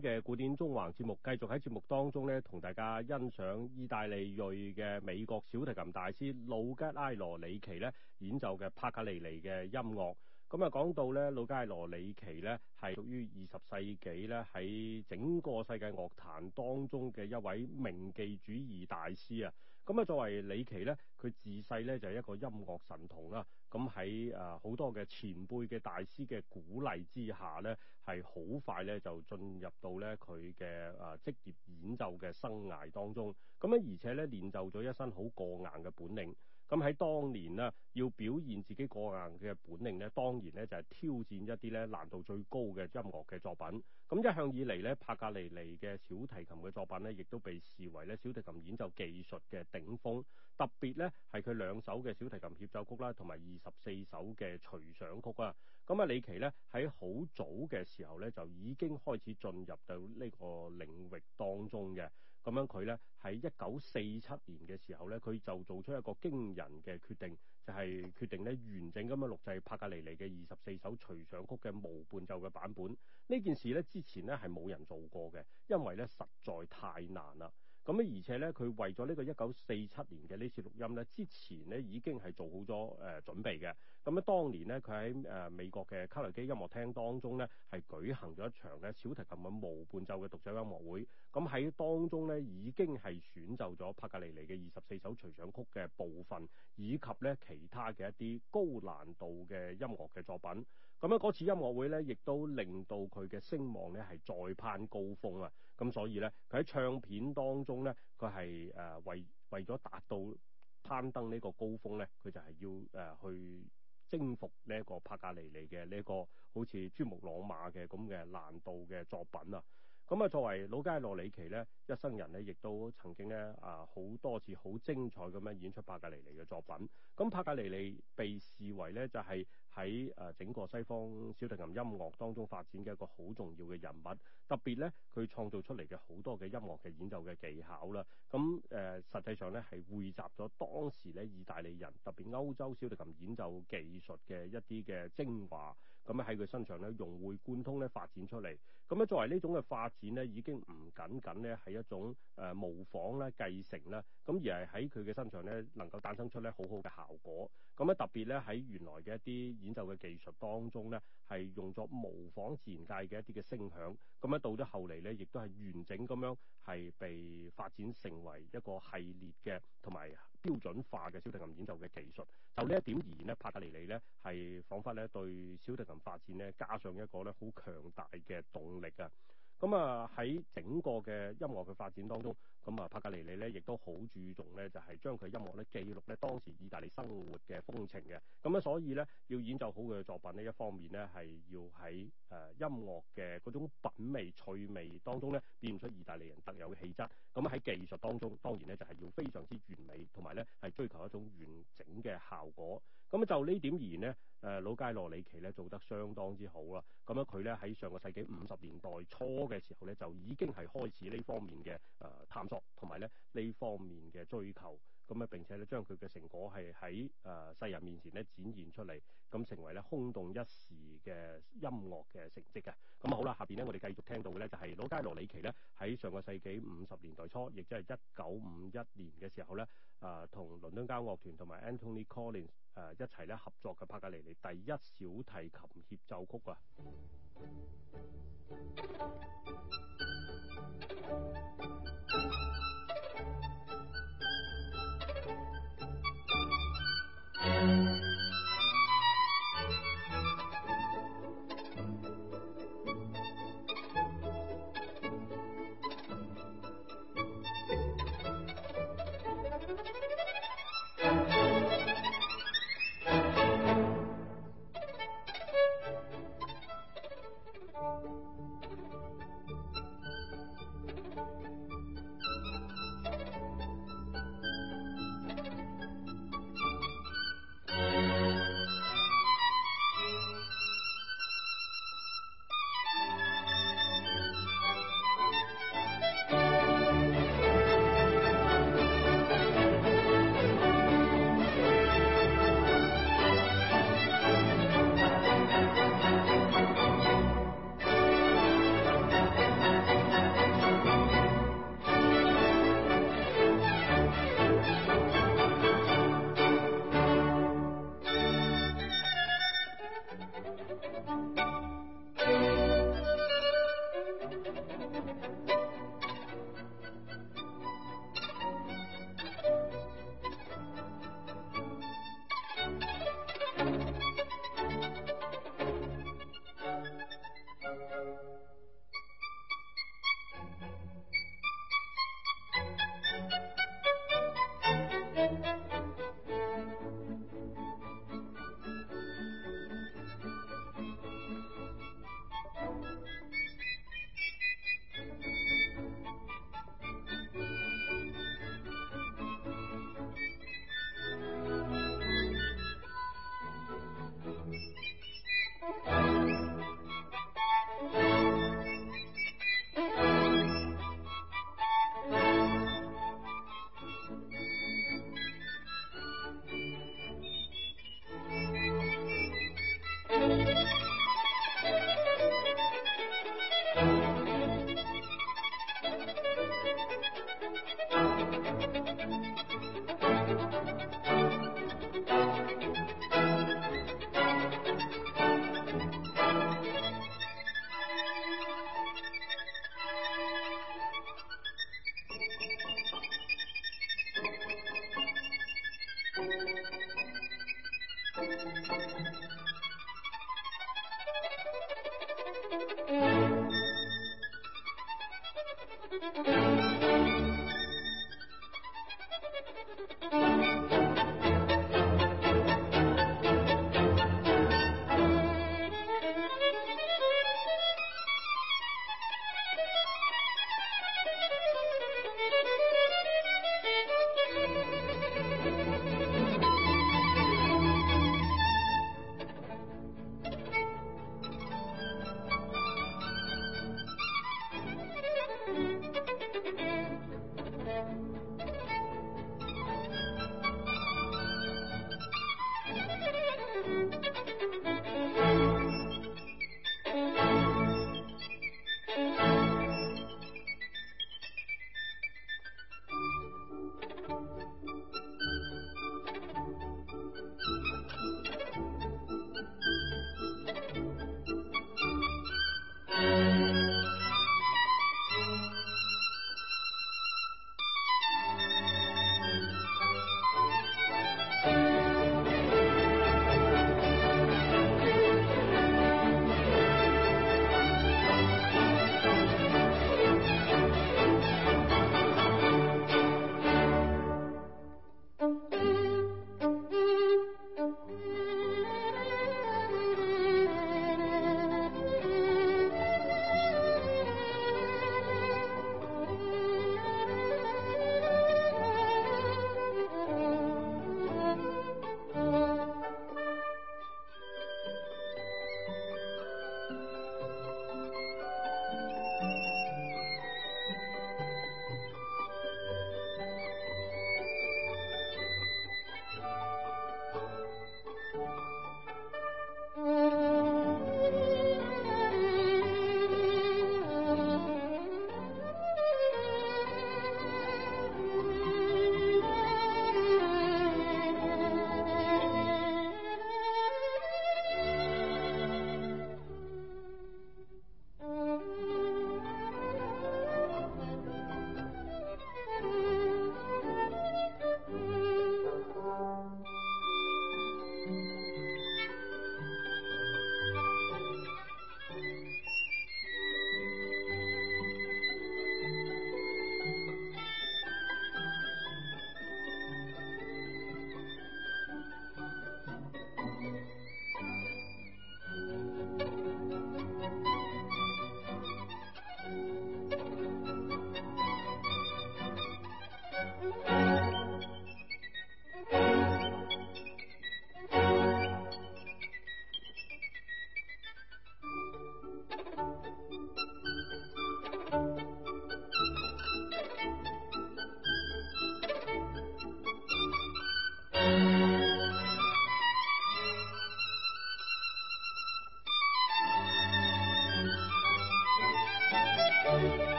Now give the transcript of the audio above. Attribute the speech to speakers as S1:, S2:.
S1: 嘅古典中環節目，繼續喺節目當中咧，同大家欣賞意大利裔嘅美國小提琴大師魯吉埃羅里奇咧演奏嘅帕格尼尼嘅音樂。咁啊，講到咧魯吉埃羅里奇咧，係屬於二十世紀咧喺整個世界樂壇當中嘅一位名技主義大師啊！咁啊，作為李琦咧，佢自細咧就係一個音樂神童啦。咁喺誒好多嘅前輩嘅大師嘅鼓勵之下咧，係好快咧就進入到咧佢嘅誒職業演奏嘅生涯當中。咁啊，而且咧練就咗一身好過硬嘅本領。咁喺當年呢，要表現自己過硬嘅本領咧，當然咧就係、是、挑戰一啲咧難度最高嘅音樂嘅作品。咁一向以嚟咧，帕格尼尼嘅小提琴嘅作品咧，亦都被視為咧小提琴演奏技術嘅頂峰。特別咧係佢兩首嘅小提琴協奏曲啦，同埋二十四首嘅隨想曲啊。咁啊，李奇咧喺好早嘅時候咧，就已經開始進入到呢個領域當中嘅。咁樣佢咧喺一九四七年嘅時候咧，佢就做出一個驚人嘅決定，就係、是、決定咧完整咁樣錄製帕格尼尼嘅二十四首隨想曲嘅無伴奏嘅版本。呢件事咧之前咧係冇人做過嘅，因為咧實在太難啦。咁而且咧，佢為咗呢個一九四七年嘅呢次錄音咧，之前咧已經係做好咗誒準備嘅。咁咧，當年咧，佢喺誒美國嘅卡內基音樂廳當中咧，係舉行咗一場咧小提琴嘅無伴奏嘅獨奏音樂會。咁喺當中咧，已經係選奏咗帕格尼尼嘅二十四首隨想曲嘅部分，以及咧其他嘅一啲高難度嘅音樂嘅作品。咁咧，嗰次音樂會咧，亦都令到佢嘅聲望咧係再攀高峰。啊！咁所以咧，佢喺唱片當中咧，佢係誒為為咗達到攀登呢個高峰咧，佢就係要誒、呃、去征服呢一個帕格尼尼嘅呢個好似珠穆朗瑪嘅咁嘅難度嘅作品啊！咁、嗯、啊，作為老街洛里奇咧，一生人咧亦都曾經咧啊，好多次好精彩咁樣演出帕格尼尼嘅作品。咁、嗯、帕格尼尼被視為咧就係、是。喺誒整個西方小提琴音樂當中發展嘅一個好重要嘅人物，特別咧佢創造出嚟嘅好多嘅音樂嘅演奏嘅技巧啦，咁誒、呃、實際上咧係匯集咗當時咧意大利人特別歐洲小提琴演奏技術嘅一啲嘅精華，咁喺佢身上咧融會貫通咧發展出嚟。咁樣作為呢種嘅發展咧，已經唔僅僅咧係一種誒、呃、模仿咧繼承啦，咁而係喺佢嘅身上咧能夠誕生出咧好好嘅效果。咁咧特別咧喺原來嘅一啲演奏嘅技術當中咧，係用作模仿自然界嘅一啲嘅聲響。咁咧到咗後嚟咧，亦都係完整咁樣係被發展成為一個系列嘅同埋標準化嘅小提琴演奏嘅技術。
S2: 就呢一點而言
S1: 咧，帕格尼尼咧係仿佛咧對小提琴發展咧加上一個咧好強大嘅動力嘅，咁啊喺整個嘅音樂嘅發展當中。咁啊，帕格尼尼咧，亦都好注重咧，就係將佢音樂咧記錄咧當時意大利生活嘅風情嘅。咁啊，所以咧要演奏好佢嘅作品，呢一方面咧係要喺誒音樂嘅嗰種品味趣味當中咧，變出意大利人特有嘅氣質，咁喺技術當中，當然咧就係要非常之完美，同埋咧係追求一種完整嘅效果。咁啊，就呢點而言咧，誒老街羅里奇咧做得相當之好啦。咁啊，佢咧喺上個世紀五十年代初嘅時候咧，就已經係開始呢方面嘅誒探索。同埋咧呢方面嘅追求，咁啊並且咧將佢嘅成果係喺誒世人面前咧展現出嚟，咁成為咧轟動一時嘅音樂嘅成績嘅。咁啊，好啦，下邊咧我哋繼續聽到嘅咧就係羅加羅里奇咧喺上個世紀五十年代初，亦即係一九五一年嘅時候咧，誒同倫敦交樂團同埋 Anthony Collins 誒一齊咧合作嘅帕格尼尼第一小提琴協奏曲啊！